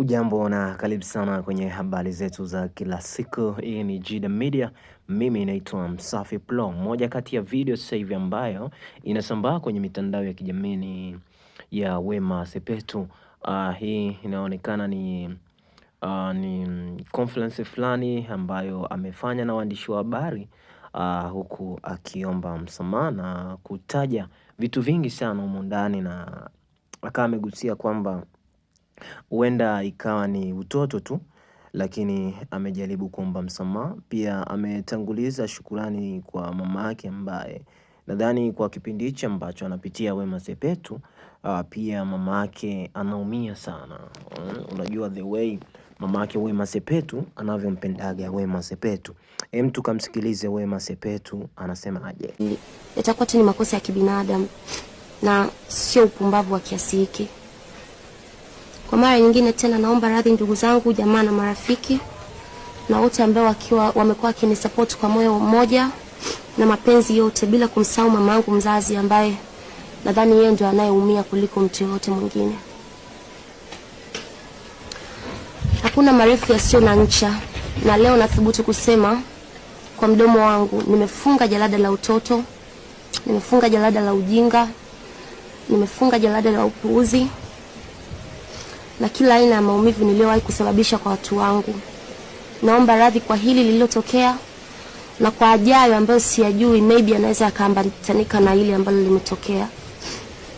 Ujambo na karibu sana kwenye habari zetu za kila siku. Hii ni Jida Media. Mimi naitwa Msafi Plo. Moja kati ya video sasa hivi ambayo inasambaa kwenye mitandao ya kijamii ni ya Wema Sepetu. Uh, hii inaonekana ni uh, ni conference fulani ambayo amefanya na waandishi wa habari uh, huku akiomba msamaha na kutaja vitu vingi sana humo ndani na akawa amegusia kwamba Huenda ikawa ni utoto tu, lakini amejaribu kuomba msamaha, pia ametanguliza shukurani kwa mama yake ambaye nadhani kwa kipindi hichi ambacho anapitia Wema Sepetu, ah, pia mama yake anaumia sana. Unajua the way mama yake Wema Sepetu anavyompendaga Wema Sepetu. Hem, tukamsikilize Wema Sepetu anasema aje. Yatakuwa tu ni makosa ya kibinadamu na sio upumbavu wa kiasi hiki. Kwa mara nyingine tena naomba radhi ndugu zangu, jamaa na marafiki na wote ambao wakiwa wamekuwa wakinisupport kwa moyo mmoja na mapenzi yote, bila kumsahau yangu mzazi ambaye nadhani yeye ndio anayeumia kuliko mtu yoyote mwingine. Hakuna marefu yasiyo na ncha, na leo nathubutu kusema kwa mdomo wangu, nimefunga jalada la utoto, nimefunga jalada la ujinga, nimefunga jalada la upuuzi na kila aina ya maumivu niliyowahi kusababisha kwa watu wangu. Naomba radhi kwa hili lililotokea na kwa ajayo ambayo siyajui, maybe anaweza akaambatanika na ile ambalo limetokea,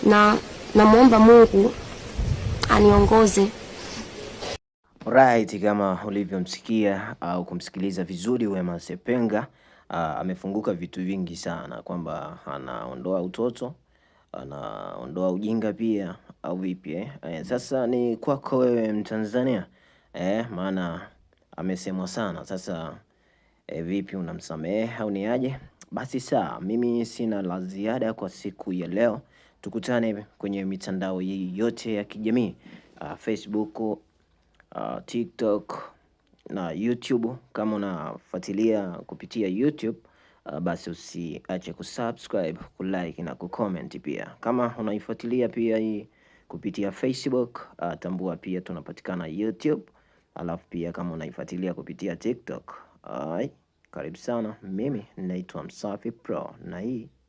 na namwomba Mungu aniongoze. Alright, kama ulivyomsikia au uh, kumsikiliza vizuri Wema Sepenga uh, amefunguka vitu vingi sana, kwamba anaondoa utoto, anaondoa ujinga pia au vipi eh? Eh, sasa ni kwako wewe Mtanzania eh, maana amesemwa sana sasa eh, vipi unamsamehe au ni aje? Basi saa mimi sina la ziada kwa siku ya leo, tukutane kwenye mitandao hii yote ya kijamii uh, Facebook uh, TikTok na YouTube. Kama unafuatilia kupitia YouTube uh, basi usiache kusubscribe, kulike na kucomment pia. Kama unaifuatilia pia hii kupitia Facebook. Uh, tambua pia tunapatikana YouTube, alafu pia kama unaifuatilia kupitia TikTok. Ai, karibu sana. Mimi naitwa Msafi Pro na hii